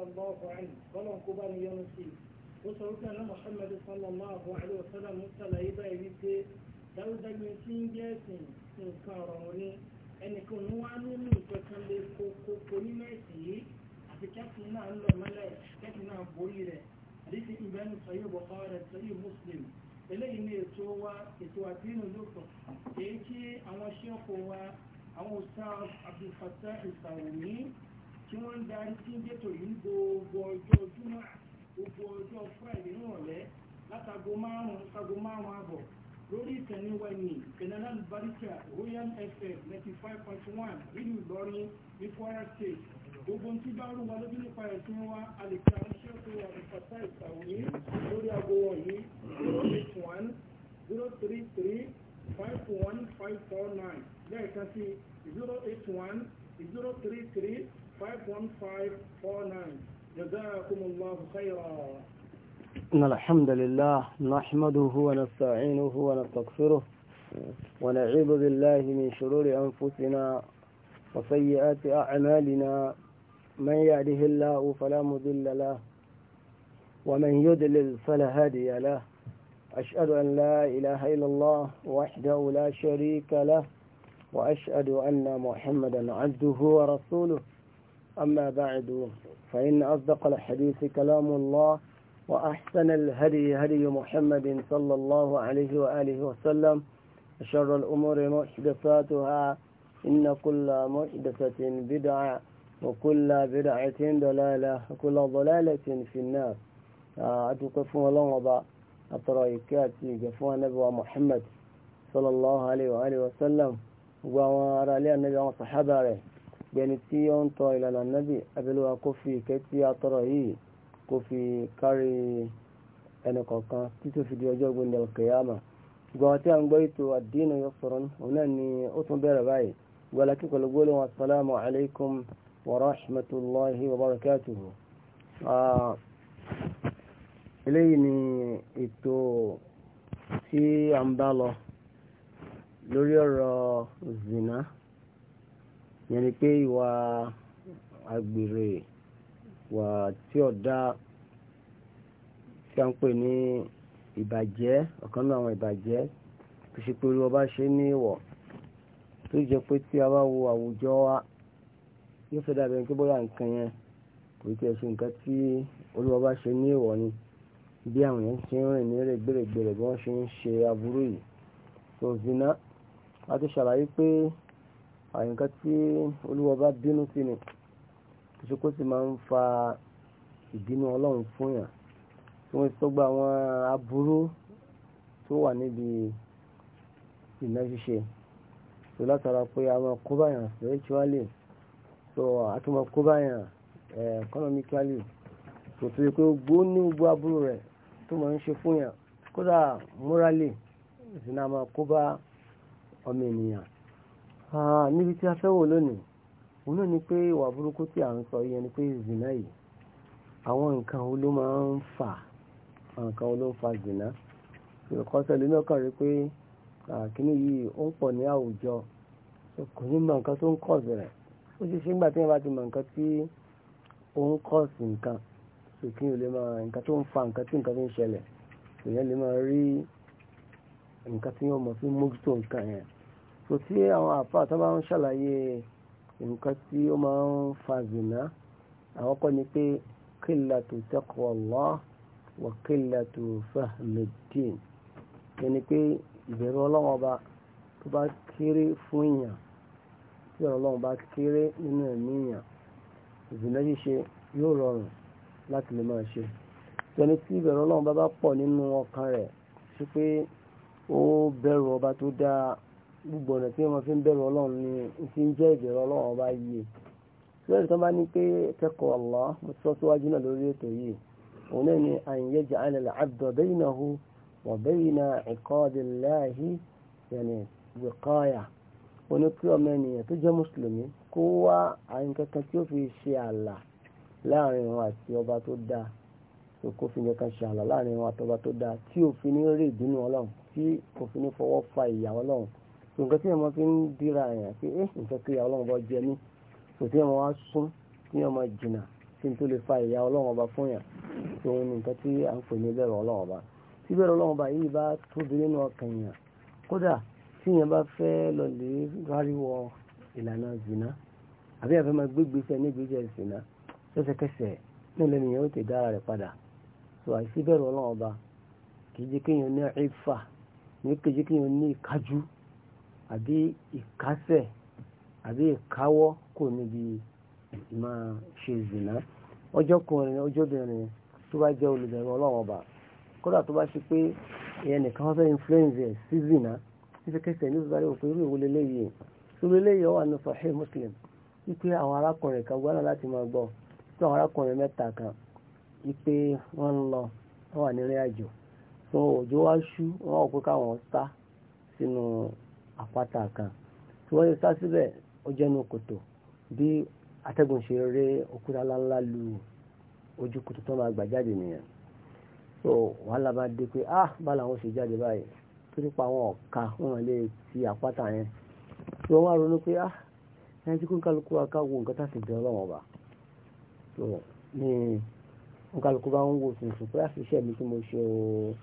الله عنه ولو كبار يوم الدين وصوتنا أن محمد صلى الله عليه وسلم مثل إذا يبيت dáúdá yẹn tí ń jẹ́ ẹ̀sìn nǹkan ọ̀rọ̀ wọn ni ẹnìkan ní wá nínú ìpẹ̀kan lè kókó nínú ẹ̀sìn yìí àti kẹ́sìn náà ń lọ mọ́lẹ̀ kẹ́sìn náà borí rẹ̀ àdíṣe ìbẹ́nu sọ́yìn bọ̀kọ́ rẹ̀ sọ́yìn muslim eléyìí ni ètò wa ètò àdínú lókọ̀ èyí tí àwọn ṣẹ́kọ̀ọ́ wa àwọn òṣà Abdulfatah ìsàwùmí tí wọ́n ń darí sí gẹ́tò yìí ní gbogbo ọjọ́ júmọ́ gbogbo ọjọ́ friday ní ọ̀lẹ́ látago márùn-ún sago márùn-ún àbọ̀ lórí ìtẹ̀ní wẹ̀nì kẹ̀nẹ́lá lùbáríkà royal fm ninety five point one rídìí ìlọrin ní kwara state gbogbo tí bá rú wa lójú nípa ẹ̀sìn wa a lè ta wà ní pàtà ìtàwé lórí ago wọ̀nyí zero eight one zero three three five one five four nine lẹ́ẹ̀kan sí zero eight one zero three three. 51549 جزاكم الله خيرا إن الحمد لله نحمده ونستعينه ونستغفره ونعوذ بالله من شرور أنفسنا وسيئات أعمالنا من يهده الله فلا مذل له ومن يدلل فلا هادي له أشهد أن لا إله إلا الله وحده لا شريك له وأشهد أن محمدا عبده ورسوله أما بعد فإن أصدق الحديث كلام الله وأحسن الهدي هدي محمد صلى الله عليه وآله وسلم شر الأمور محدثاتها إن كل محدثة بدعة وكل بدعة ضلالة وكل ضلالة في النار أتوقفون لنبا الترايكات قفوها نبوى محمد صلى الله عليه وآله وسلم وعلى النبي وصحابه gbẹni tí ó ń tọ ìlànà nábì abẹ́lẹ́wà kó fi ìkẹ́ tí a tọrọ yìí kó fi kárí ẹnì kọ̀ọ̀kan títí ó fi di ọjọ́ ògbóni alkiyama gbọ́n tí a ń gbọ́ ètò àdínà yóò sọ̀rọ̀ òun náà ni ó tún bẹ̀rẹ̀ báyìí gbọ́lá kí pẹ̀lú gbólóhùn asalaamu alaykum wa rahmatulahi wa barakatuhu. eléyìí ni ètò tí a ń bá lọ lórí ọ̀rọ̀ zina yẹn ni pé ìwà agbèrè ìwà tí ọ̀dá tí a ń pè ní ìbàjẹ́ ọ̀kan náà àwọn ìbàjẹ́ tó ṣe pé olúwa ṣe ní ìwọ̀ tó jẹ́ pé tí a bá wo àwùjọ wa yóò fẹ́ dàbí ẹni tó bóyá nǹkan yẹn kò tí ẹ ṣe nǹkan tí olúwa bá ṣe ní ìwọ̀ ni bí àwọn yẹn ṣe ń rìn ní rẹ̀gbẹ̀rẹ̀gbẹ̀rẹ̀ bí wọ́n ṣe ń ṣe aburú yìí tó zina a ti ṣàlàyé pé àyíká tí olúwa bínú sí ni ìṣokó sì máa ń fa ìbínú ọlọ́run fún yàn tí wọ́n tó gba àwọn aburú tó wà níbi ìná ṣíṣe tó látara pé àwọn kóbáyàn spiritually so àtúmọ̀ kóbáyàn eh, economically tó tó yẹ pé gbó ní gbó aburú rẹ̀ tó máa ń ṣe fún yàn kódà morally ìsìn náà kóbá ọmọ ènìyàn Ah, níbi tí a fẹ́ wò lónìí òun náà ni pé ìwà burúkú tí à ń sọ yẹn ni pé zina yìí àwọn nǹkan wo ló máa ń fà àwọn nǹkan wo ló ń fa zina ìrọ̀kọ́sẹ̀ lónìí ọkàn rí pé kíní yìí ó ń pọ̀ ní àwùjọ kò ní mọ nǹkan tó ń kọ̀ sí rẹ̀ ó ṣe ṣé ńgbà tí wọ́n bá ti mọ nǹkan tí ó ń kọ̀ sí nǹkan sòkè ò lè máa nǹkan tó ń fa nǹkan tí nǹkan tó ń ṣẹlẹ̀ èèyàn lè máa rí nǹkan tí wọ́n mọ̀ sí mójútó nǹkan yẹn so tí àwọn àfáà tó bá ń ṣàlàyé nǹkan tí ó máa ń fa zina àwọn kọ́ ni pé qillatu taqwallah wa qillatu fahmiddin ẹni pé ìbẹ̀rù ọlọ́run ọba tó bá kéré fún èèyàn tí ọ̀rọ̀ ọlọ́run bá kéré nínú ẹ̀mí èèyàn zina ṣíṣe yóò rọrùn láti lè máa ṣe tẹni tí ìbẹ̀rù ọlọ́run bá bá pọ̀ nínú ọkàn rẹ̀ sí pé ó bẹ̀rù ọba tó dáa gbogbo ọ̀nà tí wọ́n fi ń bẹ̀rù ọlọ́run ni fi ń jẹ́ ìbẹ̀rù ọlọ́run ọba yìí lórí tó bá ní pé tẹ́kọ̀ Allah mo sọ síwájú náà lórí ètò yìí òun náà ni an yaj'ala al-'abda baynahu wa bayna 'iqabillahi yani wiqaya oní kí ọmọ ènìyàn tó jẹ́ mùsùlùmí kó wá àyìn tí ó fi ṣe ààlà láàrin wọn àti ọba tó dáa tó kó fi kankan ṣe ààlà láàrin wọn àti ọba tó dáa tí òfin ní rí ìdínú ọlọ́run tí òfin ní fọwọ́ fa ìyà ọlọ́run nǹkan tí ọmọ fi ń dira àyàn pé ẹ eh, nǹkan kí ìyá ọlọ́run bá jẹ mí kò tí ọmọ wa sún tí ọmọ jìnnà tí n tó lè fa ìyá ọlọ́run bá fún yàn tó ń nǹkan tí à ń pè ní bẹ̀rù ọlọ́run bá tí bẹ̀rù ọlọ́run bá yìí bá tóbi nínú ọkàn yàn kódà tí yẹn bá fẹ́ lọ lè ráríwọ ìlànà zìnà àbí àfẹ́ máa gbé gbèsè ní gbèsè zìnà lẹ́sẹ̀kẹsẹ̀ náà ní àbí ìkásẹ̀ àbí ìkáwọ́ kò níbi máa ṣe zìnà ọjọ́ kùnrin ọjọ́bìnrin tó bá jẹ́ olùbẹ̀rù ọlọ́run ọba kódà tó bá ṣe pé ìyẹn nìkan wọ́n fẹ́ influence ẹ̀ sí zìnà nífẹ̀kẹsẹ̀ ní ìbúgbárí òpin irú ìwọlé léyìí irú léyìí ọwà ní Sahih Muslim wípé àwọn arákùnrin kan gbọ́dọ̀ láti máa gbọ́ pé àwọn arákùnrin mẹ́ta kan wípé wọ́n ń lọ wọ́n wà nílé àjò tó òjò wá ṣú wọ́n wọ̀ pé káwọn sá sínú àpáta kan tí wọ́n yẹ sá síbẹ̀ ó jẹ́nu kòtò bí atẹ́gùn ṣe ré òkúta ńláńlá lu ojú kòtò tó máa gbà jáde nìyẹn so wàhálà bá dé pé ah bá làwọn ṣe jáde báyìí tó nípa àwọn ọ̀ka wọn lè ti àpáta yẹn tí wọ́n wá ronú pé ah ẹni tí kò ń kálukú wa ká wo nǹkan tá a sì bẹ ọlọ́wọ́n ọba so ní nkálukú bá ń wo sùnsùn pé àṣìṣe ah, mi tí mo ṣe o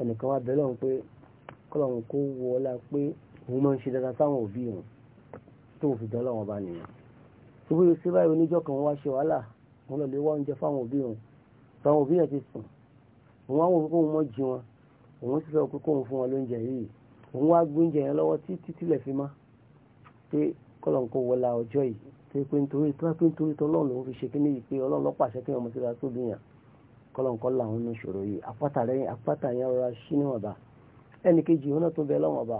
ẹnìkan wá bẹ lọ́run pé kọ́lọ́run kó wọ ọ́lá pé òun máa ń ṣe dáadáa sáwọn òbí òun tó fi dán láwọn ọba nìyẹn ṣùgbọ́n yóò ṣe báyìí oníjọ́ kan wá ṣe wàhálà wọn lọ lè wá oúnjẹ fáwọn òbí òun táwọn òbí yẹn ti sùn òun wá wò pé kóun mọ́ jí wọn òun sì fẹ́ pé kóun fún wọn lóúnjẹ yìí òun wá gbé oúnjẹ yẹn lọ́wọ́ títí tilẹ̀ fi má pé kọ́lọ̀ǹkọ́ wọlá ọjọ́ yìí pé nítorí tó pé fi ṣe kí ẹnì kejì òun náà tó bẹ lọ́wọ́n ọba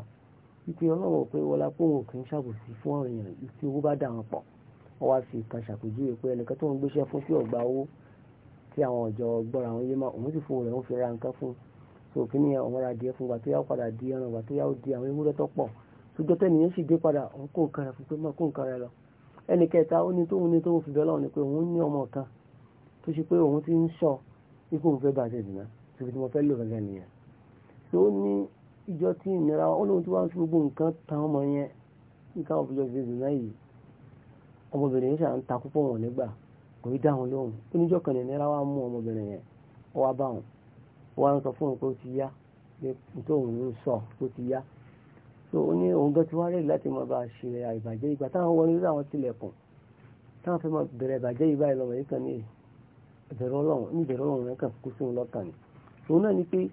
wípé ọlọ́wọ́ pé wọlá pé òun kì í ṣàbòsí fún àwọn èèyàn tí owó bá dà wọn pọ̀ wọ́n wá fi kan ṣàpèjúwe pé ẹnìkan tó ń gbéṣẹ́ fún sí ọ̀gbà owó tí àwọn ọ̀jọ̀ gbọ́ra àwọn yé máa òun sì fún rẹ̀ ń fi ra nǹkan fún so kí ni àwọn ra díẹ̀ fún wa tó yá padà di ẹran wa tó yá di àwọn ewúrẹ́ tó pọ̀ ṣùgbọ́n tẹ́niyẹn sì dé padà òun kó nǹkan rẹ̀ fún pé máa ni pé òun ìjọ tí ìnira ó lóun tí wọ́n fi gbogbo nǹkan tan ọmọ yẹn nǹkan ọ̀bùjọ fi zùn náà yìí ọmọbìnrin yìí ṣàn ta púpọ̀ wọn nígbà kò í lóhùn kan ìnira wa mú ọmọbìnrin yẹn ti yá pé sọ ó ti yá ní òun gan ti wá rèé láti máa a ṣe àìbàjẹ́ ìgbà táwọn wọlé lórí àwọn tilẹ̀kùn táwọn fẹ́ máa bẹ̀rẹ̀ ìbàjẹ́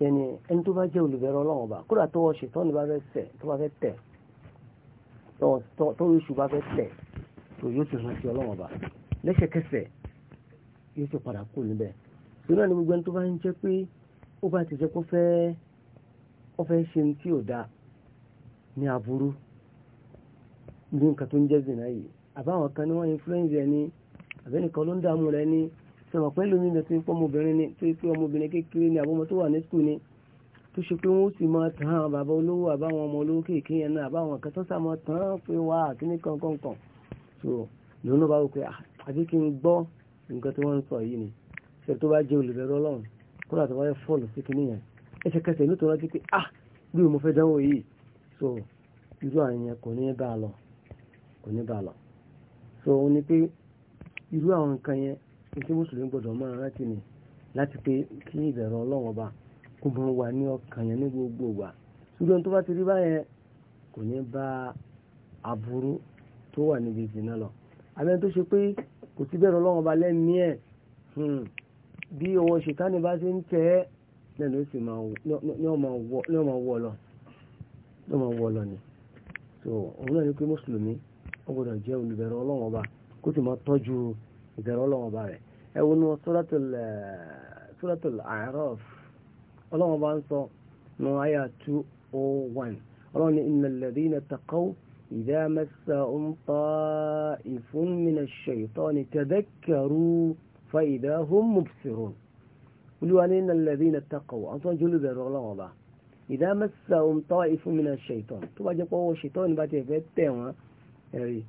yẹni ẹni tó bá jẹ́ olùbẹ̀rẹ̀ ọlọ́run ọba kódà tọwọ́ ṣètọ́ni bá fẹ́ tẹ̀ tó bá fẹ́ tẹ̀ tọwọ́ iṣu bá fẹ́ tẹ̀ tó yóò ti rántí ọlọ́run ọba lẹ́sẹ̀kẹsẹ̀ yóò ti padà kú níbẹ̀ tó náà ni gbogbo ẹni tó bá ń jẹ́ pé ó bá ti jẹ́ kó fẹ́ ó fẹ́ ṣe ní tí ò da ní aburú ní nǹkan tó ń jẹ́ zìnà yìí àbáwọn kan ni wọ́n influence ẹni àbẹ́nìkan ló ń dààmú rẹ ní sọ̀rọ̀ pẹ́lú mi tó pé ọmọbìnrin ni tó pé ọmọbìnrin kékeré ni àbọ̀mọ tó wà ní skul ni tó ṣe pé wọ́n sì máa tàn án bàbá olówó àbáwọn ọmọ olówó kéèké yẹn náà àbáwọn kan tó tàn án pé wá kíní kankankan so lòun náà bá wò pé àbí ah, kí n gbọ́ nǹkan tí wọ́n ń sọ yìí ni ṣe tó bá jẹ́ olùbẹ̀rẹ̀ ọlọ́run kódà tó bá yẹ fọ́ọ̀lù sí kíní yẹn ẹsẹ̀kẹsẹ̀ ló tó rántí pé ah bí mo fẹ́ so irú àwọn yẹn kò ní bá a so ó ní pé irú àwọn nǹkan yẹn tí mùsùlùmí gbọdọ̀ máa rántí ni láti pé kí ìbẹ̀rù ọlọ́run ọba kó mọ wà ní ọkàn yẹn ní gbogbo wa ṣùgbọ́n tó bá ti rí báyẹn kò ní bá aburú tó wà níbi ìdìnnà lọ àbẹ́ni tó ṣe pé kò sí bẹ̀rù ọlọ́run ọba lẹ́mìí ẹ̀ hmm, bí ọwọ́ ṣètánì bá ti ń tẹ̀ ẹ́ náà ló sì máa wọ lọ ló máa wọ lọ ni so òun náà ni pé mùsùlùmí ó gbọdọ̀ jẹ́ olùbẹ̀rù ọlọ́run ọba kó sì máa tọ́jú ìbẹ̀rẹ̀ ọlọ́wọ́n ọba rẹ̀ ẹ wo nu suratul eh, A'raf ọlọ́wọ́n ọba ń sọ nu àyà two oh one ọlọ́wọ́n ní innal ladhina taqaw idha massahum ta'ifun minash shaytani tadhakkaru fa idha hum mubsirun olúwa ní innal ladhina taqaw àwọn tó ń jóló bẹ̀rẹ̀ ọlọ́wọ́n ọba ìdá massahum ta'ifun minash shaytani tó bá jẹ́ pọ́wọ́ ṣètọ́ ni bá ti ẹ̀fẹ́ tẹ̀ wọ́n ẹ̀rí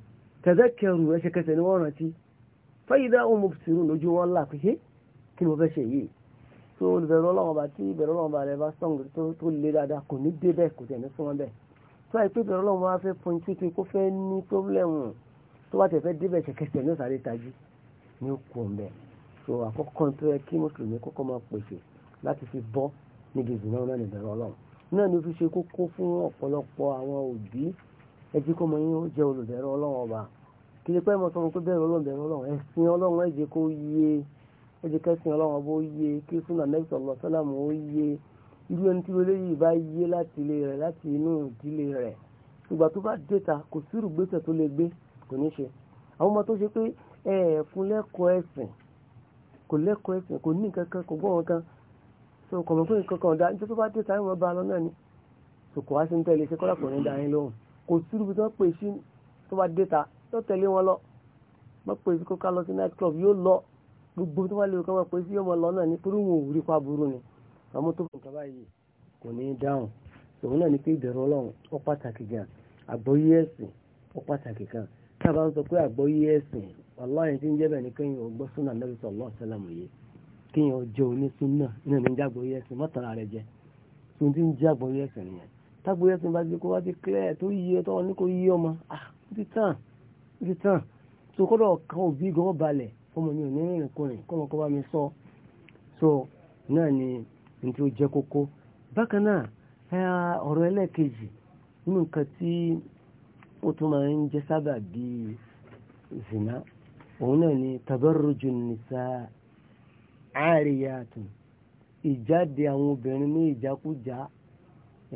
tadhakkaru ẹsẹ̀kẹsẹ̀ ni wọ́n rántí fẹ́yìdá òun mo sì rún lójú wọn là pé kí ni mo fẹ́ ṣe yìí tó olùbẹ̀rù ọlọ́run ọba tí ìbẹ̀rù ọlọ́run ọba rẹ̀ bá sọ̀ǹgì tó lé dáadáa kò ní dé bẹ́ẹ̀ kò tẹ̀ ní súnmọ́ bẹ́ẹ̀ tó àìpé ìbẹ̀rù ọlọ́run wá fẹ́ fún títí kó fẹ́ ní pọ́blẹ́mù tó bá tẹ̀ fẹ́ débẹ̀ ṣẹ̀kẹsẹ̀ ní ọ̀sàrẹ́ tají ní ó kú ọ̀mẹ́ kì í pẹ́ mọ́ sọ fún pé bẹ́ẹ̀ ọlọ́run bẹ̀rẹ̀ ọlọ́run ẹ̀sìn ọlọ́run ẹ̀jẹ̀ kó yé ẹ̀jẹ̀ kẹsìn ọlọ́run ọbọ̀ yé kí súnà nẹ́bí sọ̀rọ̀ sọ́làmù ó yé irú ẹni tí wọlé yìí bá yé láti ilé rẹ̀ láti inú ìdílé rẹ̀ ìgbà tó bá déta kò sírù gbèsè tó lè gbé kò ní ṣe àwọn ọmọ tó ṣe pé ẹ fún lẹ́kọ̀ọ́ ẹ̀sìn kò lẹ́kọ̀ọ́ ẹ̀sìn kò ní nǹkan kò gbọ́ so kò mọ̀ pé nǹkan kan ọ̀dà nítorí tó bá déta ìwọ̀n ni so kò wá sí ní tẹ́lẹ̀ da yín lóhùn kò sírù bí wọ́n pè yóò tẹ̀lé wọn lọ mọ́ pé kó ká lọ sí night club yóò lọ gbogbo tó wà lè kọ́ mọ́ pé sí ọmọ lọ náà nítorí wọn ò rí pa burú ni àmọ́ tó kàn kábàá yìí kò ní í dáhùn òun náà ni pé ìbẹ̀rù ọlọ́run ó pàtàkì gan àgbọ́yé ẹ̀sìn ó pàtàkì kan tá a bá ń sọ pé àgbọ́yé ẹ̀sìn wàláyé tí ń jẹ́ bẹ̀ ni kéèyàn ò gbọ́ súnà Nábì sallallahu alaihi wasallam yìí kéèyàn jẹ́ onísúnà náà ní jágbọ́yé ẹ̀sìn mọ́tàrà rẹ̀ jẹ́ tó ti ń jẹ́ àgbọ́yé ẹ̀sìn nìyẹn tágbọ́yé ẹ̀sìn bá ti kó wá ti clear tó yí ẹ tọ́wọ́ ní kò yí ọmọ ah ó ó ti tán so kọ́dọ̀ kan òbí gan balẹ̀ ọmọ mi ò ní rìn so náà ni n tí ó kókó bákan náà ọ̀rọ̀ ẹlẹ́ẹ̀kejì nínú nǹkan tí ó zina òun náà ni nisa ìjáde àwọn obìnrin ní ìjákújá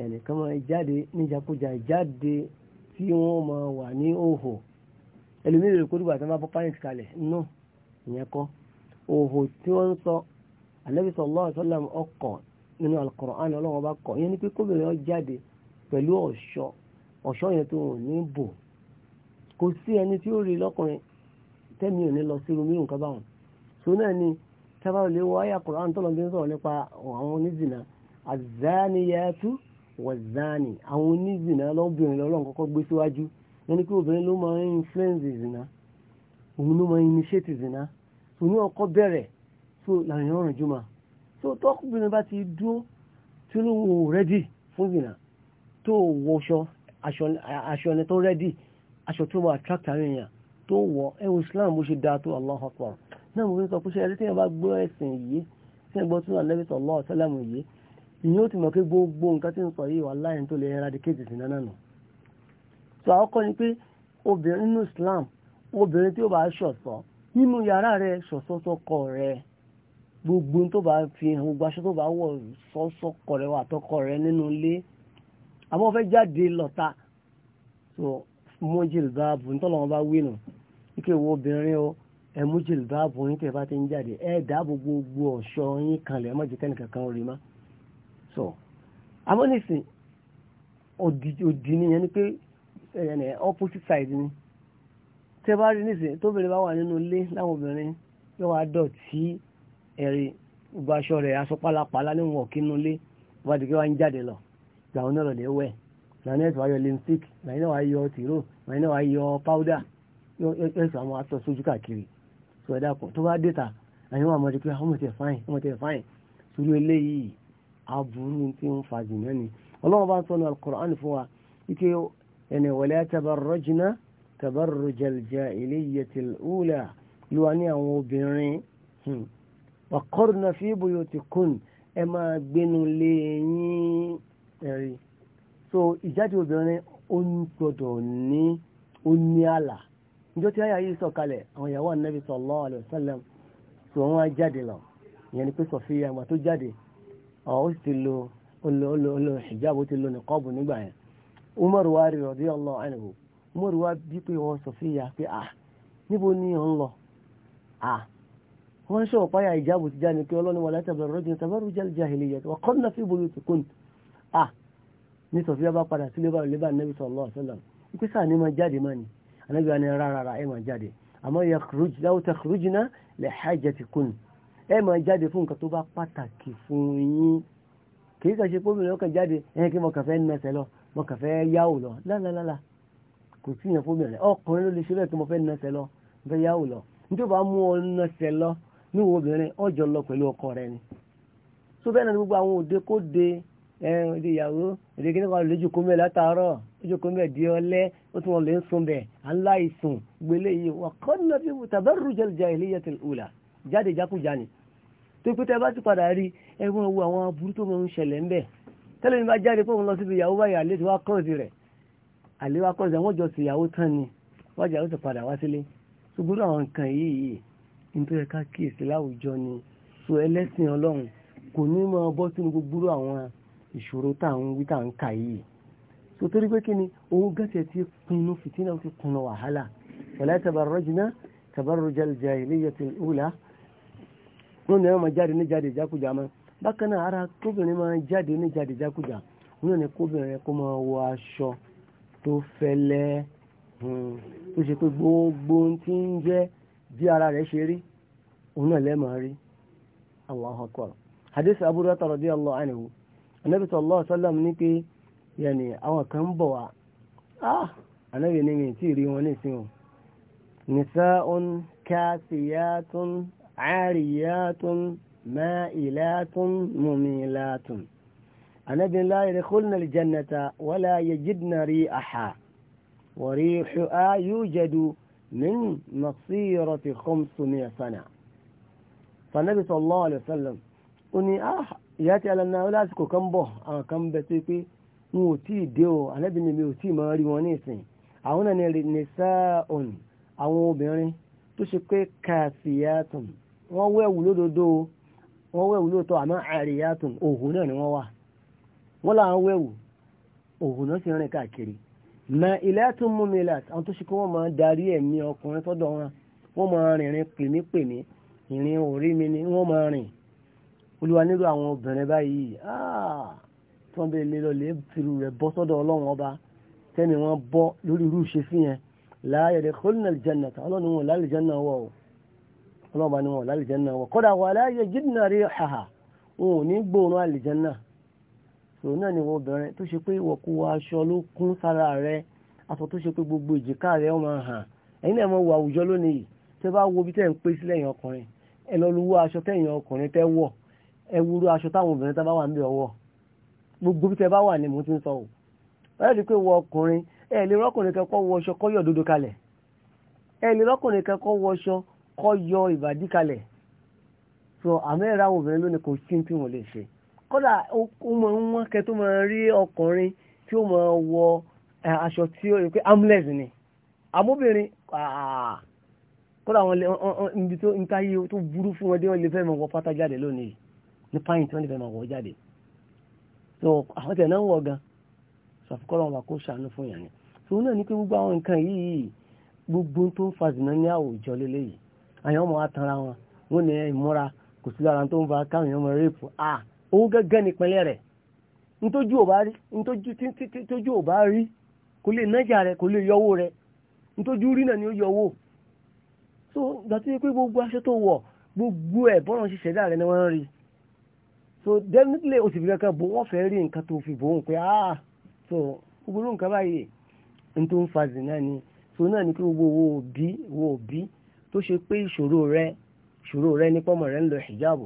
ẹnìkan máa jáde ní ìjákújá ìjáde tí máa wà ẹlòmíì rẹ̀ kórìgbà tí wọ́n bá bọ́ pánìtì kalẹ̀ nù ìyẹn kọ́ òhò tí wọ́n ń sọ Ànábì sallallahu alaihi wasallam ọkọ̀ nínú Al-Qur'an ọlọ́wọ́n bá kọ̀ ìyẹn ni pé kóbìnrin ọ jáde pẹ̀lú ọ̀ṣọ́ ọ̀ṣọ́ yẹn tó wọn ní bò kò sí ẹni tí ó rí lọ́kùnrin tẹ́mi ò ní lọ sí irun nǹkan báwọn so náà ni tábà wọ ayé Al-Qur'an tọ́lọ́ bí ń sọ̀rọ̀ nípa àwọn onízìnà az-zaniyatu waz-zani àwọn onízìnà lọ́bìnrin lọ́lọ́run gbé síwájú yẹn ni pé obìnrin ló máa ń influence ìzìnà òun ló máa ń initiate ìzìnà tó ní ọkọ bẹ̀rẹ̀ tó làyàn ọ̀ràn jùmọ̀ tó tọkùnrin bá ti dúró tí ó lóun ò rẹ́dì fún ìzìnà tó wọṣọ aṣọ ẹni tó rẹ́dì aṣọ tó máa attract àwọn èèyàn tó wọ ẹwọ Islam bó ṣe dáa tó Allahu Akbar náà mo fi sọ pé ṣe ẹni tí yẹn bá gbọ́ ẹ̀sìn yìí tí yẹn gbọ́ tún Ànábì sallallahu alaihi wasallam yìí ìyẹn ó ti mọ̀ pé gbogbo nǹkan tí ń sọ yìí wà láyé tó lè eradicate ìsìn náà nù tó àkọ́kọ́ ni pé obìnrin nínú Islam obìnrin tí ó bá ṣọ̀ṣọ́ nínú yàrá rẹ ṣọ̀ṣọ́ sọ́kọ rẹ gbogbo tó bá fi hàn gbogbo aṣọ tó bá wọ̀ sọ́sọ́kọ rẹ wà tọkọ rẹ nínú ilé àbọ̀ fẹ́ jáde lọ́ta tó mú jìlbáàbù nítorí wọn bá wí nù ike wo obìnrin o ẹ mú jìlbáàbù yín tẹ́ bá ti ń jáde ẹ dáàbò gbogbo ọ̀ṣọ́ yín kanlẹ̀ ẹ má kẹ́nìkan kan rí má so àmọ́ nísìnyí òdì nìyẹn ni pé opposite side ni tẹ́ bá rí nísìnyí tóbìnrin bá wà nínú ilé láwọn obìnrin yóò wá dọ̀tí ẹ̀rí gbogbo aṣọ rẹ̀ aṣọ pálapàla ní wọn kínú ilé wọ́n ti kí wọ́n ń jáde lọ gbàwọn náà lọ́dẹ̀ wẹ̀ nàní ẹ̀sùn ayọ̀ lipstick nàní náà wàá yọ tìró nàní náà wàá yọ powder ẹ̀sùn àwọn aṣọ sójú káàkiri sọ ẹ̀dá kan tó bá dé ta àyìn wọn àmọ́dé pé ọmọ tẹ̀ fáìn ọmọ tẹ̀ fáìn sórí eléyìí aburú tí ń fa jìnnà ni ọlọ́run bá ń sọ ní Al-Qur'an fún wa ike ẹni wala tabarrajna tabarruj al-jahiliyyati al-ula ló wà ní àwọn obìnrin waqarna fi buyutikun ẹ máa gbénu lé yín ẹ̀rí so ìjáde obìnrin ó ń gbọdọ̀ ní ó ní àlà níjọ́ tí àyà yìí sọ̀kalẹ̀ àwọn ìyàwó ànábì sallallahu alaihi wasallam tí wọ́n wá jáde lọ ìyẹn ni pé Sọfíyà àgbà tó jáde ó sì ti lo olóòlò hijab ó ti lo niqab nígbà yẹn umar wa rí radiyallahu anhu umar wa bí pé wọn Sofia pé à ah, níbo ni ò ń lọ à ah, wọ́n ṣe ọ̀páyà ìjábù ti já ni pé ọlọ́ni wala tabarrujna tabarrujal jahiliyyah wa qurna fi buyutikunna à ah, ní Sofia bá padà sílé bá lébà Nabi sallallahu alaihi wasallam ìpé sáà ní máa jáde máa ní anábì wa ní rárára ẹ máa jáde àmọ́ law takhrujna li hajatikunna ẹ máa jáde fún nǹkan tó bá pàtàkì fún yín kì í kà ṣe pómìnira ọkàn jáde ẹ̀ kí mo kàn fẹ́ nà sẹ́lọ̀ mo kàn fẹ́ yáwò lọ lálálálá kò sí ìyẹn fóbìnrin ọkùnrin ló lè ṣe bẹ́ẹ̀ kí mo fẹ́ nọsẹ̀ lọ mo fẹ́ yáwò lọ nítorí bá mú ọ nọsẹ̀ lọ níwò obìnrin ọjọ́ lọ pẹ̀lú ọkọ rẹ ni so bẹ́ẹ̀ náà ni gbogbo àwọn òde kó de ẹ̀ẹ́dì ìyàwó èdè kí ní kan lójú kó mẹ́ látàárọ̀ lójú kó mẹ́ di ọlẹ́ ó tún wọn lè ń sun bẹ̀ aláìsùn gbélé yìí wọ́n kọ́ ní lọ́bí tabarrujal jahiliyatil ula jáde jákújá ni tó pété bá ti padà rí ẹgbọ́n wo àwọn aburú tó máa ń ṣẹlẹ̀ ń bẹ̀ tẹ́lẹ̀ mi bá jáde pé òun lọ síbi ìyàwó báyìí àlè ti wá kọ́ọ̀sì rẹ̀ àlè wá kọ́ọ̀sì àwọn ọjọ́ sí ìyàwó tán ni wọ́n jẹ́ àwọn ti wá sílé ṣùgbọ́n àwọn nǹkan yìí yìí nítorí ká kíyèsí láwùjọ ni so ẹlẹ́sìn ọlọ́run kò ní mọ bọ́ sínú gbogbo àwọn ìṣòro tá à ń wí tá à ń kà yìí so torí pé kí ni òun gẹ́sẹ̀ ti pinnu fìtínà ti pinnu wàhálà wala tabarrajna tabarruj al-jahiliyyati al-ula wọn ni wọn máa jáde ní jáde ìjákujàmọ́ bákan náà ara tóbìnrin máa jáde ní jáde wọn ní kóbìnrin kó máa wọ aṣọ tó hmm, tó ṣe pé gbogbo tí ń jẹ́ bí ara rẹ̀ ṣe rí òun náà hadith Abu Hurairah radiyallahu anhu anabi sallallahu alaihi wasallam ní pé yẹni àwọn kan ń wá anabi ah! ní mi tí ì rí wọn ní ìsìn o ma'ilatun mumilatun anabi la yadkhulna aljannata wala yajidna ri'aha wa rihuha yujadu min masirati khamsumiya sana fanabi sallallahu alaihi wasallam ó ní ah ìyá tí alẹ́ náà lásìkò kan bọ̀ àwọn kan bẹ tó pé wọn ò tí ì dé o alẹ́bí ni mi ò tí ì máa rí wọn ní ìsìn àwọn náà ni nìsáàùn àwọn obìnrin tó ṣe pé wọ́n wẹ̀wù lóòótọ́ àmọ́ àríyàtùn òhun náà ni wọ́n wà wọ́n làwọn wẹ̀wù òhun náà sì rìn káàkiri na ilẹ̀ tún mú mi là àwọn tó ṣe kí wọ́n máa darí ẹ̀mí ọkùnrin tọ́dọ̀ wọn wọ́n máa rìnrìn pèmípèmí ìrìn orí mi ni wọ́n máa rìn olúwa nílò àwọn obìnrin báyìí ah! tí wọ́n bẹ̀rẹ̀ lé lọ lè fìrù rẹ̀ bọ́ sọ́dọ̀ ọlọ́run ọba tẹ́ni wọ́n bọ́ lórí irú ìṣesí yẹn láàyè ọlọ́ọ̀bá ni wọn lálìjẹ́nà wọ kọ́dà wà láyé jìnnà rí haha wọn ò ní gbóòórùn àlìjẹ́nà sòrò náà ni wọn obìnrin tó ṣe pé ìwọ̀kuwọ̀ aṣọ ló kún sára rẹ aṣọ tó ṣe pé gbogbo èjìká rẹ wọn hàn ẹ̀yin náà mọ wọ àwùjọ lónìí tẹ́ bá wo bí tẹ́ ń pé sílẹ̀ yẹn ọkùnrin ẹ lọ lu wọ aṣọ tẹ́yìn ọkùnrin tẹ́ wọ̀ ẹ wúru aṣọ táwọn obìnrin tá bá wà níbi ọwọ́ gbogbo bí tẹ́ bá wà ní mo ti ń sọ o ẹ rí pé wọ ọkùnrin ẹ lè rọkùnrin kẹkọọ wọṣọ kọyọ dodo kalẹ̀ ẹ lè rọkùnrin kẹkọọ wọṣọ kọ́ yọ ìbàdí kalẹ̀ so àmẹ́ra àwọn obìnrin lónìí kò sí tí wọ́n lè ṣe kódà ó máa ń wọ́n kẹ́ tó máa rí ọkùnrin tí ó máa wọ eh, aṣọ tí ó pé amulet ni àmóbìnrin kódà wọn níbi tó ń táyé tó burú fún wọn dé wọn lè fẹ́ máa wọ pátá jáde lónìí ní pint wọn lè fẹ́ máa wọ jáde so àwọn tẹ̀ náà ń wọ̀ gan sọ̀fúkọ́lọ́ wọn bá kó ṣàánú fún yàn ni so náà ní pé gbogbo àwọn nǹkan yìí gbogbo tó ń fa zìnà ní àwùjọ lélẹ́yìí àyàn ọmọ atanra wọn wọn ní ìmúra kò sí lára tó ń fa káwọn ọmọ rẹ́pù à owó gẹ́gẹ́ nípínlẹ̀ rẹ̀ ntójú ò bá rí ntójú títójú ò bá rí kò lè nájà rẹ̀ kò lè yọwó rẹ̀ ntójú rí náà ni ó yọwó so ìgbà tó yẹ pé gbogbo aṣọ tó wọ̀ gbogbo ẹ̀ bọ́rọ̀ ṣe ṣẹ̀dá rẹ̀ ni wọ́n ń rí so definitely o sì fi kankan bò wọ́n fẹ́ rí nǹkan tó fi bò ń pé ah so gbogbo nǹkan báyìí n tó ń fa zì náà ni so náà ni pé gbogbo wo òbí wo òbí tó ṣe pé ìṣòro rẹ ìṣòro rẹ ní pọ́mọ rẹ ń lo hijab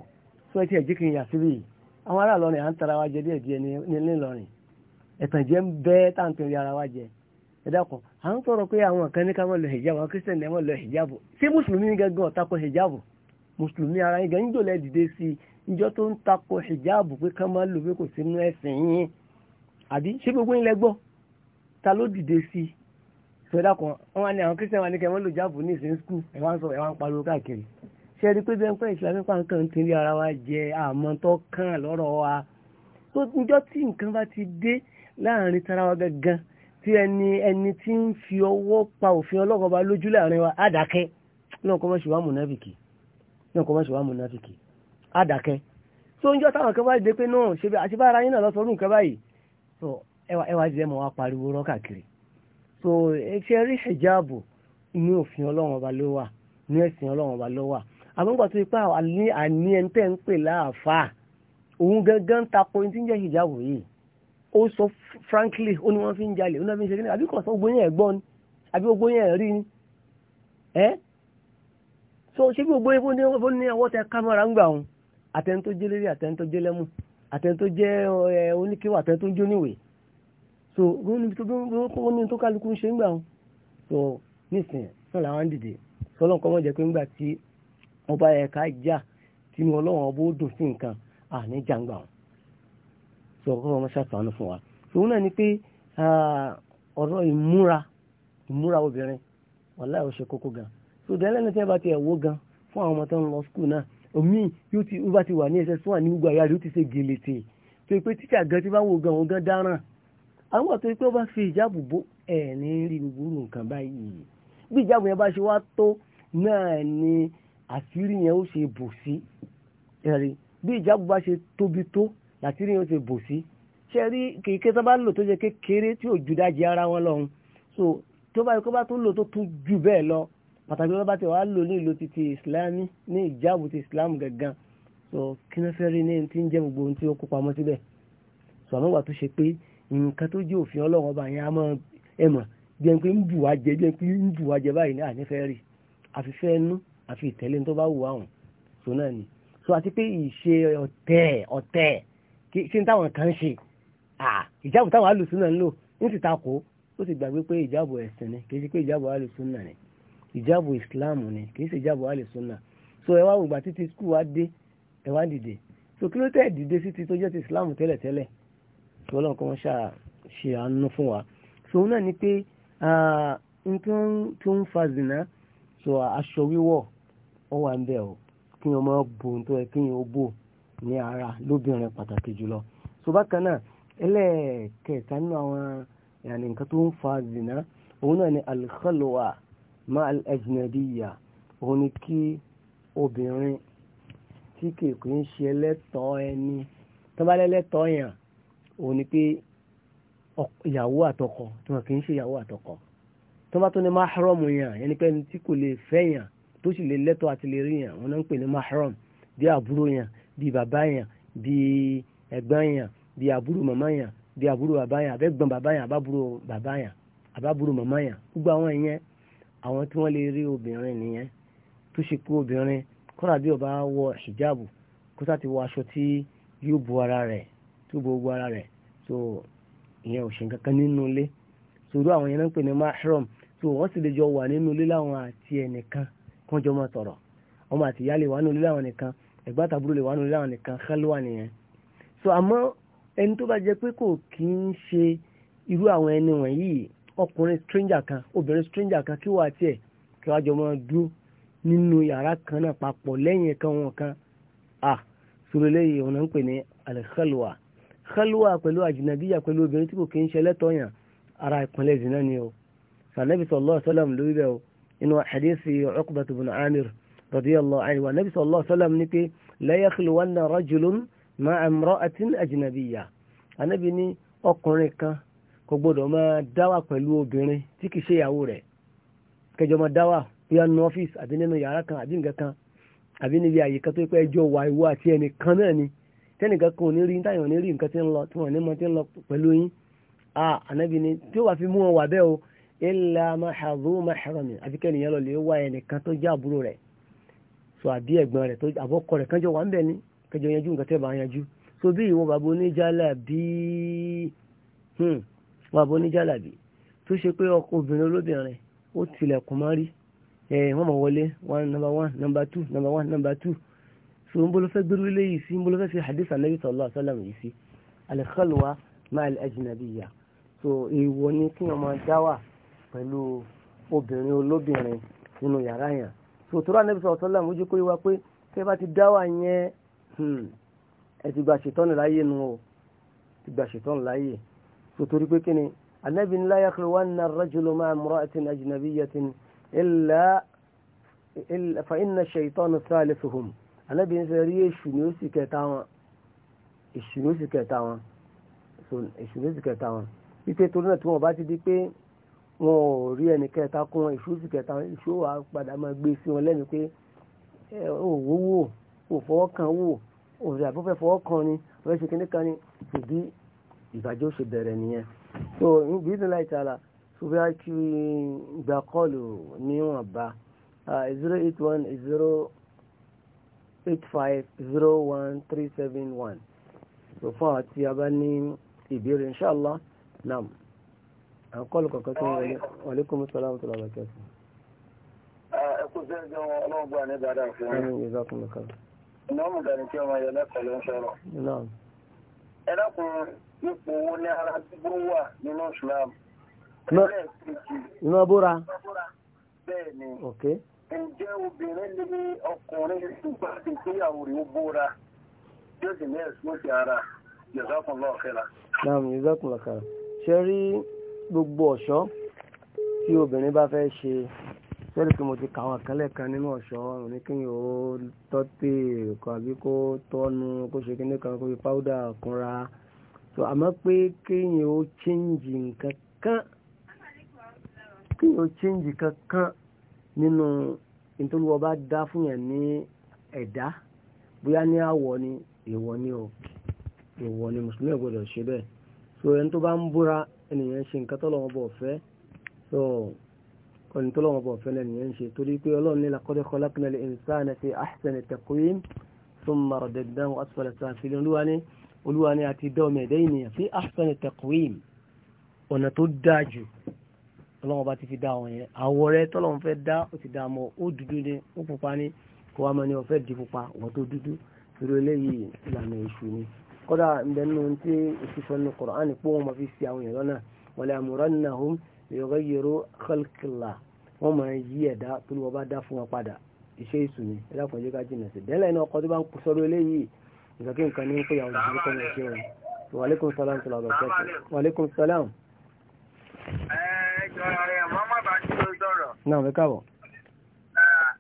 fún ẹtí eji kìí yàtúbì àwọn ará lọrin à ń tara wa jẹ díẹ̀ díẹ̀ ní nílọrin ẹ̀tànjẹ́ ń ta táǹtẹ̀ ara wa jẹ ẹ dákun à ń sọ̀rọ̀ pé àwọn lo hijab àwọn kristian ní lo hijab ṣé mùsùlùmí gẹ́gẹ́ tako hijab mùsùlùmí ara yín gẹ́gẹ́ ń jòlẹ̀ dìde sí ìjọ tó ń tako hijab pé ká má lò pé kò sínú yín gbogbo yín lẹ tó dákun wọn ni àwọn kírísítẹ̀ wa ní kẹ́ wọ́n lò jáàbù ní ìsìn skul ẹ̀ wá ń sọ ẹ̀ wá ń pariwo káàkiri ṣe rí pé bẹ́ẹ̀ pẹ́ ìsìlámí pàǹkan ń tẹ̀lé ara wa jẹ àmọ́ tó kàn lọ́rọ̀ wa tó níjọ́ tí nǹkan bá ti dé láàrin tara wa gangan tí ẹni ẹni tí ń fi ọwọ́ pa òfin ọlọ́kọ̀ bá lójú láàrin wa á dákẹ́ náà kọ́ mọ́ ṣe wá mùnáfìkì náà kọ́ mọ́ ṣe wá mùnáfìkì so ṣe rí hijabu ní òfin ọlọ́run ọba ló wà ní ẹ̀sìn ọlọ́run ọba ló wà àmọ́gbà tó ipá àní ẹni tẹ́ ń pè láàfà òun gangan ń tako ẹni tí ń jẹ́ hijabu yìí ó sọ frankly ó ní wọ́n fi ń jalè ó ní wọ́n fi ń ṣe kíni àbí kò sọ gbóyè ẹ̀ gbọ́ ni àbí gbóyè ẹ̀ rí ni ẹ́ so ṣé bí gbóyè bó ní ọwọ́ tẹ kámẹ́rà ń gbà wọn àtẹni tó jẹ́ lérí àtẹni tó jẹ́ lẹ́mú àtẹni tó jẹ́ oníkéwà àtẹni tó jóníwèé so wọ́n ní tó kálukú ń ṣe ń gbà wọn so nísìnyẹn náà làwọn dìde sọlọ́n kọ́ mọ́ jẹ́ pé ńgbà tí wọ́n bá ẹ̀ka já tí mo ọlọ́run ọbọ̀ dùn sí nǹkan àní jàǹgbà wọn so ọkọ ọmọ ṣàtúnwánú fún wa so wọn náà ni pé ọ̀rọ̀ ìmúra ìmúra obìnrin wàhálà ò ṣe kókó gan so dẹ́lẹ́ ní tí wọ́n bá ti ẹ̀wọ́ gan fún àwọn ọmọ tó ń lọ skul náà omi yóò ti wọ́n bá ti wà ní ẹsẹ̀ sún wà gbogbo àyà rẹ̀ yóò ti ṣe gèlè tè so pé tíṣà gan ti bá wò gan òun gan dáràn àwọn àti pé ó bá fi ìjáàbù bò ẹ̀ ní rí gbogbo nǹkan báyìí bí ìjáàbù yẹn bá ṣe wá tó náà ni àṣírí yẹn ó ṣe bò sí ẹ̀rí bí ìjáàbù bá ṣe tóbi tó làṣírí yẹn ó ṣe bò sí ṣe rí kèké tó bá lò tó ṣe kékeré tí ò ju dájì ara wọn lọ́hùn so tó bá yẹ kó bá tó lò tó tún jù bẹ́ẹ̀ lọ pàtàkì wọn bá ti wàá lò ní ìlò ti ti ìsìlámì ní ìjáàbù ti ìsìlámù gangan so kí ni fẹ́ rí ní ti ń jẹ́ gbogbo ohun tí ó kópa mọ́ síbẹ̀ so àmọ́ wà tó ṣe pé nǹkan tó jẹ́ òfin ọlọ́run ọba yẹn a mọ ẹ mọ̀ bí ẹni pé ń bù wá jẹ bí ẹni pé ń bù wá jẹ báyìí náà nífẹ̀ẹ́ rí àfifẹ́ ẹnu àfi ìtẹ̀lé tó bá wù àwọn tó náà ni so àti pé ìṣe ọ̀tẹ̀ ọ̀tẹ̀ kí n táwọn kan ṣe ìjáàbù táwọn alùsùnà ń lò ń sì takò ó sì gbàgbé pé ìjáàbù ẹ̀sìn ni kì í ṣe pé ìjáàbù alùsùnà ni ìjáàbù ìsìláàmù ni kì í ṣe ìjáàbù alùsùnà so ẹ wá wùgbà títí skul wá dé ẹ wá dìde so kí ló tẹ́ dìde sí ti tó jẹ́ ti ìsìláàmù tẹ́lẹ̀tẹ́lẹ̀ tí ọlọ́run kan ṣáà ṣe àánú fún wa so náà ni pé nǹkan tó ń fa zina so aṣọ wíwọ̀ ọ wà ń bẹ̀ o kí ọmọ bò ń tọ́ ẹ kí ọ bò ní ara lóbìnrin pàtàkì jùlọ so bákan náà ẹlẹ́ẹ̀kẹta nínú àwọn yàní nǹkan tó ń fa zina òun náà ni alkhalwa ma al-ajnabiyya òun ni kí obìnrin tí kìí kìí ṣe lẹ́tọ̀ọ́ ẹni tó bá lẹ́lẹ́tọ̀ọ́ yàn òun ni pé ìyàwó àtọkọ tí wọn kì í ṣe ìyàwó àtọkọ tó bá tó ní mahram yàn ẹni pé ẹni tí kò lè fẹ́ yàn tó sì lè lẹ́tọ̀ọ́ àti lè rí yàn wọn náà ń pè ní mahram bí àbúrò yàn bí bàbá yàn bí ẹ̀gbọ́n yàn bí àbúrò màmá yàn bí àbúrò bàbá yàn àbẹ́gbọ́n bàbá yàn àbábúrò bàbá yàn àbábúrò màmá yàn gbogbo àwọn ìyẹn àwọn tí wọ́n lè rí obìnrin nìyẹn tó ṣe pé obìnrin kọ́ra bí ó wọ hijabu kó sá ti wọ aṣọ tí yóò bu ara rẹ̀ tó gbogbo ara rẹ̀ so ìyẹn ò ṣe nǹkan kan nínú ilé so àwọn yẹn náà pè ní mahram so wọ́n sì lè jọ wà nínú ilé láwọn àti ẹnìkan kán jọ máa sọ̀rọ̀ ọmọ àti ìyá lè wà nínú ilé láwọn nìkan ẹ̀gbọ́n àtàbúrò lè wà nínú ilé láwọn nìkan kálíwà nìyẹn so àmọ́ ẹni tó bá jẹ́ pé kò kí ń ṣe irú àwọn ẹni wọ̀nyí ọkùnrin stranger kan obìnrin stranger kan kí wàá tiẹ̀ kí wàá jọ máa dúró nínú yàrá kan náà papọ̀ lẹ́yìn kan wọn kan ah sọ̀rọ̀ lẹ́yìn ọ̀nà ń pè ní al-khalwa kálúwà pẹ̀lú àjìnàbíyà pẹ̀lú obìnrin tí kò kí ń ṣe lẹ́tọ̀ọ̀yàn ara ìpínlẹ̀ zina ni o sànẹ́bí sallallahu alaihi wasallam lórí bẹ́ẹ̀ o inú hadisi Uqbah ibn Amir radiyallahu anhu nẹ́bí sallallahu alaihi wasallam ní pé la yakhluwanna rajulun ma'a imra'atin ajnabiyya anẹ́bí ní ọkùnrin kan kò gbọdọ̀ máa dáwà pẹ̀lú obìnrin tí kì í ṣe ìyàwó rẹ̀ kẹjọ máa dáwà bóyá nínú ọ́fíìsì àbí nínú yàrá kan àbí àti tẹ́nìkan kan ò ní rí táyọ̀ ní rí nǹkan tí ń lọ tí wọ́n ní mọ tí ń lọ pẹ̀lú yín ànábì ni tí ó wà fi mú wọn wà bẹ́ẹ̀ o ilà mahadu mahrami àfi kẹ́nìyàn lọ lè wá ẹnìkan tó jẹ́ àbúrò rẹ̀ so àbí ẹ̀gbọ́n rẹ̀ tó àbọ̀kọ rẹ̀ kánjọ wà ń bẹ̀ ní kẹjọ yanjú nǹkan tẹ́ bá yanjú so bí ìwọ bàbá oníjàlá bí hmm, bàbá oníjàlá bí tó ṣe pé ọkọ obìnrin olóbìnrin ó tilẹ̀kùn mọ́rí ẹ̀ wọ́n mọ̀ wọlé one number one number two number one number two so ń bolo fẹ́ gbérú léyìí sí ń bolo fẹ́ fi hadith anabi sallallahu alaihi wasallam yìí sí al-khalwa ma'al ajnabiyya so èèwọ̀ ni kí wọ́n máa dáwà pẹ̀lú obìnrin olóbìnrin nínú yàrá yẹn so tó rà anabi sallallahu alaihi wasallam ojú kó wá pé tẹ́ bá ti dáwà yẹn hmm, ẹ ti gba ṣètọ́nù láyé nu o ti gba ṣètọ́nù láyé so torí pé kíni anabi la yakhluwanna ar-rajulu ma'a imra'atin ajnabiyyatin illa fa inna ash-shaytana thalithahum anábì ń fẹ́ rí èṣù ní oṣù kẹta wọn èṣù ní oṣù kẹta wọn so èṣù ní oṣù kẹta wọn wípé torí náà tí wọn bá ti di pé wọn ò rí ẹnì kẹta kún wọn èṣù oṣù kẹta wọn èṣù wa padà máa gbé sí wọn lẹ́nu pé ẹ ò wó wò ò fọwọ́ kan wò ò rí àbúrò fẹ́ fọwọ́ kan ni ọ̀rẹ́ ṣe kíní kan ni kò bí ìbàjẹ́ oṣù bẹ̀rẹ̀ nìyẹn so bí ìdílé ìtara ṣùgbọ́n a kì í gbà kọ́ọ̀lù níwọ̀nba uh, zero eight one zero eight five zero one three seven one so far, àwọn tí a bá ní ìbéèrè inṣàlá nam àkọlù kankan tó wọlé wàlékún mùsùlùmí àwọn tó lọ bàtẹ fún. ẹ kú sí ẹjọ́ ọlọ́run gbọ́ ní dáadáa fún mi. ẹnu ìgbà kan nìkan. nọ́ọ̀mù dání tí ọmọ yẹn lẹ́kọ̀ọ́ ló ń sọ̀rọ̀. ẹ dákun ipò owó ní ara tó wà nínú Islam. náà bóra. bẹ́ẹ̀ ni ǹjẹ́ obìnrin lè ní ọkùnrin nígbà tí ìgbéyàwó rẹ̀ ó bóra tí ó sì ní ẹ̀sùn òsì ara yẹ̀sọ́kùn lọ́ọ̀ fẹ́ra. naam yẹ̀sọ́kùn lọ́kàrà ṣe rí gbogbo ọ̀ṣọ́ tí obìnrin bá fẹ́ ṣe sẹ́ẹ̀lì pé mo ti kà wọ́n kálẹ̀ kan nínú ọ̀ṣọ́ ọ̀run ní kéèyàn ó tọ́tẹ̀ kọ́ àbí kó tọ́nu kó ṣe kíní kan kó fi páúdà kunra tó àmọ́ pé kéèyàn ó chíǹjì nǹkan kan kéèyàn ó chíǹjì kankan nínú ìtòlúwọ́ bá dá fún yẹn ní ẹ̀dá bóyá ní àwọ̀ ni èèwọ̀ ni o èèwọ̀ ni mùsùlùmí ò gbọdọ̀ ṣe bẹ́ẹ̀ so ẹni tó bá ń búra ẹnìyẹn ṣe nǹkan tọ́lọ́wọ́ bọ̀ fẹ́ so ọ̀nì tọ́lọ́wọ́ bọ̀ fẹ́ lẹ́nìyẹn ṣe torí pé ọlọ́run ní laqad khalaqnal insana fi ahsani taqwim thumma radadnahu asfala safilin olúwa ní olúwa ní àti dọ́ọ̀mẹ̀dẹ́ ènìyàn fi ahsani taqwim ọ̀nà tó dáa jù ọlọ́wọ́n bá ti fi dá àwọn yẹn àwọ̀ rẹ tọ́lọ́wọ́n fẹ́ dá ó ti dá mọ́ ó dúdú ní ó pupa ní kó wá mọ́ ọ̀fẹ́ di pupa wọ́n tó dúdú torí eléyìí ìlànà èṣù ni kódà ìbẹ̀nu tí èṣù sọ ní Kùránì pé wọ́n máa fi ṣe àwọn èèyàn lọ́nà wala amurannahum yughayyiru khalqillah wọ́n máa yí ẹ̀dá tó ló dá fún wọn padà iṣẹ́ èṣù ni ẹ̀dá kan jẹ́ ká jìnà sí bẹ́ẹ̀ lẹ́nu ọkọ̀ tó bá ń sọ̀rọ̀ eléyìí nǹkan nǹkan ní ń pè àwọn òṣèlú kan ní ìṣe wọn náà fẹ́ káàbọ̀. Eh,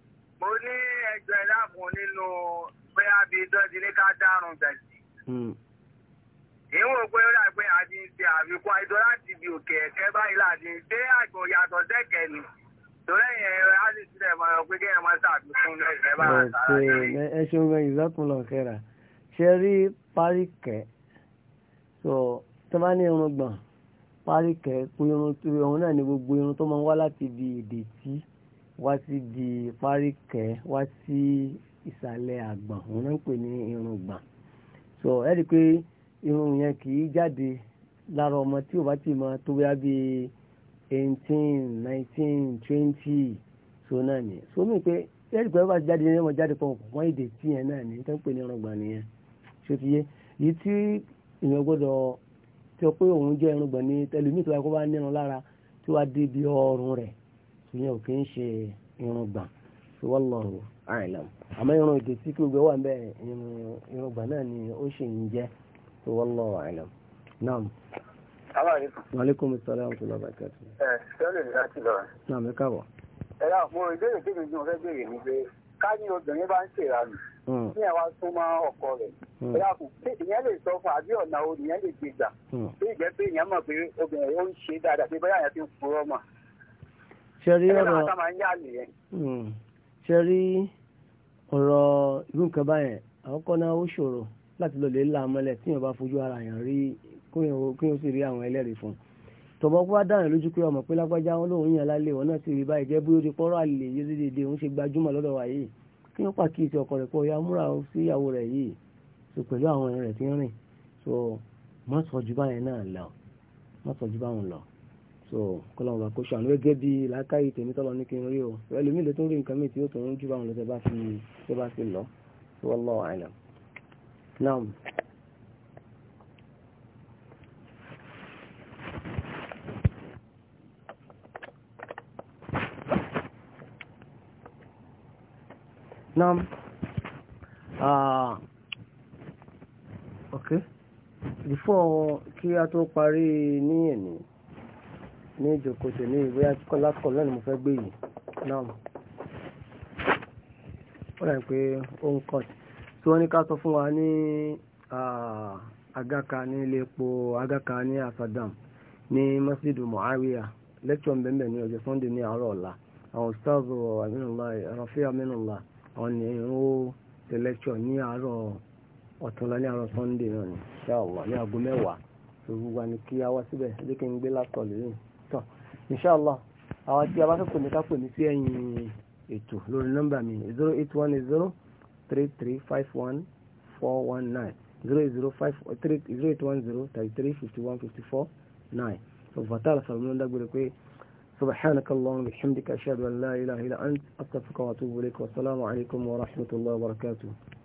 mo ní ẹgbẹ́ láàbùn nínú bóyá bí dọ́jú ní ká dárùn gbẹ̀sì. ìwọ̀n hmm. pé ó dà pé àti ń ṣe àfikún àìsàn láti ibi òkè ẹ̀kẹ́ báyìí láti ń ṣe yàtọ̀ sẹ́kẹ̀ ni torí ẹ̀yìn ẹ̀rọ á lè sílẹ̀ mọ́ ọ pé kéèyàn máa ṣàfikún ẹ̀ṣẹ̀ bá a sára. ẹ ṣeun gan ìzọ́kùnlọ̀ kẹ́ra ṣe rí páríkẹ́ pé irun ọ̀hún náà ni gbogbo irun tó máa ń wá láti ibi ìdètí wá sí di páríkẹ́ wá sí ìsàlẹ̀ àgbọ̀n òun náà ń pè ní irun gbọ̀n so ẹ rí i pé irun yẹn kì í jáde lára ọmọ tí ò bá ti máa tó bá bíi eighteen nineteen twenty so náà ni so mí pé ẹ rí i pé ẹ bá jáde ẹ máa jáde pọ̀ mọ́ ìdètí yẹn náà ni tó ń pè ní irun gbọ̀n nìyẹn ṣé ti yé èyí tí èèyàn gbọ́dọ̀ tí ó pé òun jẹ́ irun ní tẹlifí tó kó bá nínú lára tí wàá dé ibi ọrùn rẹ̀ ò ṣe tí wọ́n lọ rò àmọ́ irun èdè tí kí wà náà ni ó ṣe ń jẹ́ tí wọ́n lọ àìlám náà. Aláàríkù. Màlíkùn mi sọ́lá ọ̀tún lọ́ba Ẹ sọ́lẹ̀ Náà ni pé Hmm. ní ẹ̀ wá súnmọ́ ọkọ rẹ̀ hmm. bóyá kù ìyẹn lè sọ fún àbí ọ̀nà o ìyẹn lè gbé gbà hmm. bí ìjẹ́ pé ìyẹn mọ̀ pé obìnrin ó ń ṣe dáadáa pé bóyá yẹn ti ń purọ́ mọ̀ ṣẹ́rí ọ̀rọ̀ ṣẹ́rí ọ̀rọ̀ irú nǹkan báyẹn àkọ́kọ́ náà ó ṣòro láti lọ lè la mọ́lẹ̀ tí yóò bá fojú ara yàn rí kí yóò sì rí àwọn ẹlẹ́rìí fún un tọ̀bọ̀ kó wá dáhùn lójú pé ọmọ pé lágbájá wọn lòun yàn lálé wọn náà sì rí báyìí jẹ́ bí ó ti pọ́nrọ́ àlè yé dédé òun ṣe gbajúmọ̀ lọ́dọ̀ wáyé yìí kí wọ́n pàkíyèsí ọkọ rẹ̀ pé ọ̀yà múra sí ìyàwó rẹ̀ yìí so pẹ̀lú àwọn ẹ̀rẹ̀ tí ń rìn so má sọ ju báyẹn náà lọ má sọ ju báwọn lọ so kọ́lọ́mù bá kó ṣàánú gẹ́gẹ́ bí làákàyè tèmi tọ́lọ́ ní kí n rí o ẹlòmíì ló tún rí nǹkan mi tí ó tún ń ju báwọn lọ tẹ bá fi lọ so wallahu a'lam. Naam. نعم ok ah, okay before kí a tó parí ni ẹ̀nì ní ìjòkòtò ní mo fe gbé yìí náà ó rẹ̀ pé ó ń kọ́ tí wọ́n agaka ni ilé agaka ni asadam ni masjidu muawiya lẹ́kṣọ̀ mbẹ́mbẹ́ ni ọjọ́ sunday ni àárọ̀ ola àwọn ustaz aminu Allah rafi àwọn ni ó ṣe lecture ní àárọ̀ ọ̀túnla ní àárọ̀ sunday náà ni ṣáàwọ̀ ní aago mẹ́wàá gbogbo wa ni kí a wá síbẹ̀ jẹ́ kí n gbé látọ̀ lóyún tọ̀ inshallah àwọn tí a bá fẹ́ pè mí sí ẹ̀yìn ètò lórí nọ́mbà mi zero eight one zero three three five one four one nine zero zero five three zero eight one zero thirty three fifty one fifty four nine so fatal sọ̀rọ̀ mi ló ń dágbére pé. سبحانك اللهم وبحمدك أشهد أن لا إله إلا أنت أستغفرك وأتوب إليك والسلام عليكم ورحمة الله وبركاته